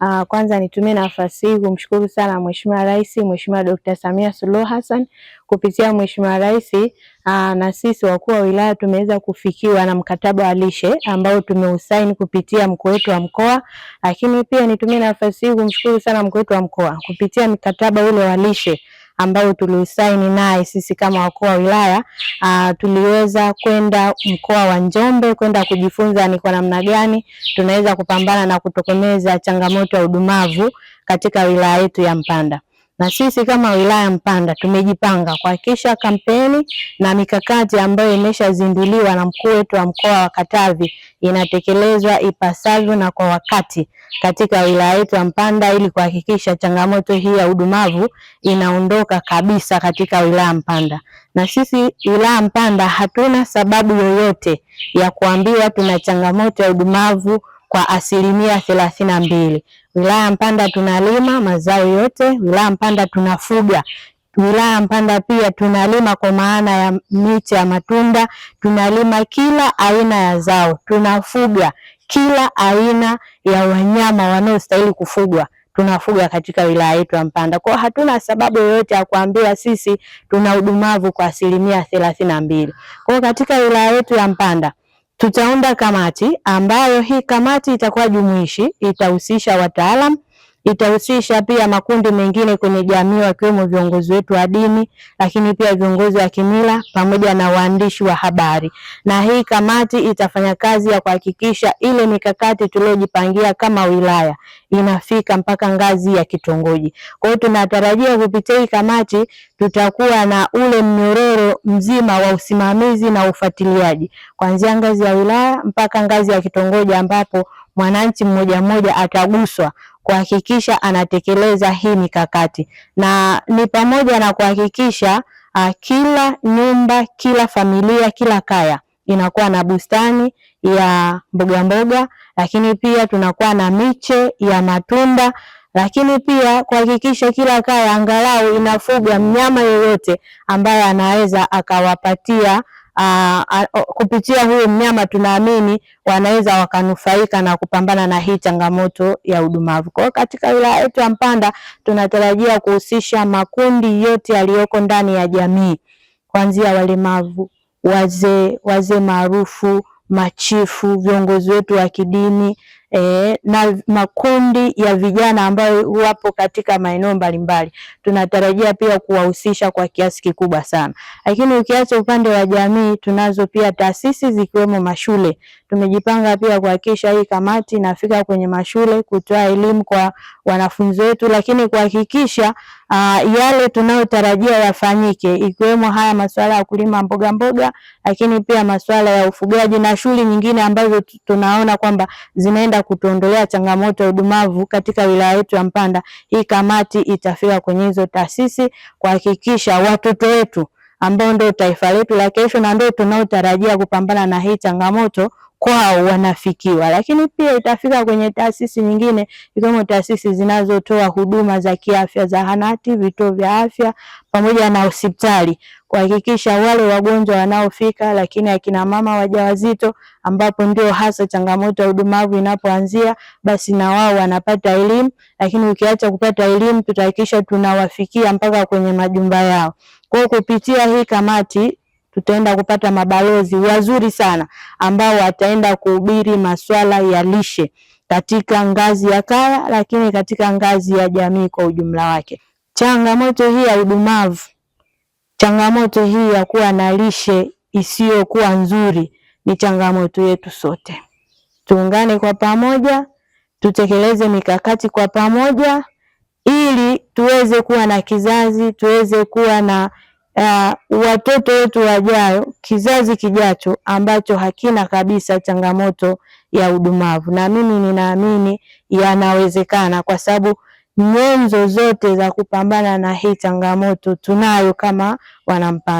Uh, kwanza nitumie nafasi hii kumshukuru sana Mheshimiwa Rais, Mheshimiwa Dr. Samia Suluhu Hassan. Kupitia Mheshimiwa Rais uh, na sisi wakuu wa wilaya tumeweza kufikiwa na mkataba wa lishe ambao tumeusaini kupitia mkuu wetu wa mkoa, lakini pia nitumie nafasi hii kumshukuru sana mkuu wetu wa mkoa kupitia mkataba ule wa lishe ambayo tulisaini naye sisi kama wakuu wa wilaya uh, tuliweza kwenda mkoa wa Njombe kwenda kujifunza ni kwa namna gani tunaweza kupambana na kutokomeza changamoto ya udumavu katika wilaya yetu ya Mpanda na sisi kama wilaya Mpanda tumejipanga kuhakikisha kampeni na mikakati ambayo imeshazinduliwa na mkuu wetu wa mkoa wa Katavi inatekelezwa ipasavyo na kwa wakati katika wilaya yetu ya Mpanda ili kuhakikisha changamoto hii ya udumavu inaondoka kabisa katika wilaya Mpanda. Na sisi wilaya Mpanda hatuna sababu yoyote ya kuambiwa tuna changamoto ya udumavu kwa asilimia thelathini na mbili. Wilaya Mpanda tunalima mazao yote, wilaya Mpanda tunafuga wilaya Mpanda pia tunalima kwa maana ya miche ya matunda, tunalima kila aina ya zao, tunafuga kila aina ya wanyama wanaostahili kufugwa tunafuga katika wilaya yetu ya Mpanda. Kwa hiyo hatuna sababu yoyote ya kuambia sisi tuna udumavu kwa asilimia thelathini na mbili. Kwa hiyo katika wilaya yetu ya Mpanda Tutaunda kamati ambayo hii kamati itakuwa jumuishi, itahusisha wataalamu Itahusisha pia makundi mengine kwenye jamii wakiwemo viongozi wetu wa dini, lakini pia viongozi wa kimila pamoja na waandishi wa habari. Na hii kamati itafanya kazi ya kuhakikisha ile mikakati tuliyojipangia kama wilaya inafika mpaka ngazi ya kitongoji. Kwa hiyo tunatarajia kupitia hii kamati tutakuwa na ule mnyororo mzima wa usimamizi na ufuatiliaji kuanzia ngazi ya wilaya mpaka ngazi ya kitongoji ambapo mwananchi mmoja mmoja ataguswa kuhakikisha anatekeleza hii mikakati, na ni pamoja na kuhakikisha uh, kila nyumba, kila familia, kila kaya inakuwa na bustani ya mboga mboga, lakini pia tunakuwa na miche ya matunda, lakini pia kuhakikisha kila kaya angalau inafuga mnyama yoyote ambaye anaweza akawapatia Ah, ah, kupitia huyo mnyama tunaamini wanaweza wakanufaika na kupambana na hii changamoto ya udumavu. Kwa hiyo katika wilaya yetu ya Mpanda tunatarajia kuhusisha makundi yote yaliyoko ndani ya jamii kuanzia walemavu, wazee, wazee maarufu, machifu, viongozi wetu wa kidini E, na makundi ya vijana ambayo wapo katika maeneo mbalimbali tunatarajia pia kuwahusisha kwa kiasi kikubwa sana, lakini ukiacha upande wa jamii, tunazo pia taasisi zikiwemo mashule. Tumejipanga pia kuhakikisha hii kamati inafika kwenye mashule kutoa elimu kwa wanafunzi wetu, lakini kuhakikisha uh, yale tunayotarajia yafanyike ikiwemo haya masuala ya kulima mboga mboga, lakini pia masuala ya ufugaji na shughuli nyingine ambazo tunaona kwamba zinaenda kwenda kutuondolea changamoto ya udumavu katika wilaya yetu ya Mpanda. Hii kamati itafika kwenye hizo taasisi kuhakikisha watoto wetu ambao ndio taifa letu la kesho na ndio tunaotarajia kupambana na hii changamoto kwao wanafikiwa, lakini pia itafika kwenye taasisi nyingine ikiwemo taasisi zinazotoa huduma za kiafya, zahanati, vituo vya afya pamoja na hospitali, kuhakikisha wale wagonjwa wanaofika, lakini akina mama wajawazito, ambapo ndio hasa changamoto ya udumavu inapoanzia, basi na wao wanapata elimu. Lakini ukiacha kupata elimu, tutahakikisha tunawafikia mpaka kwenye majumba yao. Kwa kupitia hii kamati tutaenda kupata mabalozi wazuri sana ambao wataenda kuhubiri masuala ya lishe katika ngazi ya kaya, lakini katika ngazi ya jamii kwa ujumla wake. Changamoto hii ya udumavu, changamoto hii ya kuwa na lishe isiyokuwa nzuri ni changamoto yetu sote. Tuungane kwa pamoja, tutekeleze mikakati kwa pamoja, ili tuweze kuwa na kizazi, tuweze kuwa na uh, watoto wetu wajayo, kizazi kijacho ambacho hakina kabisa changamoto ya udumavu, na mimi ninaamini yanawezekana kwa sababu nyenzo zote za kupambana na hii changamoto tunayo kama Wanampanda.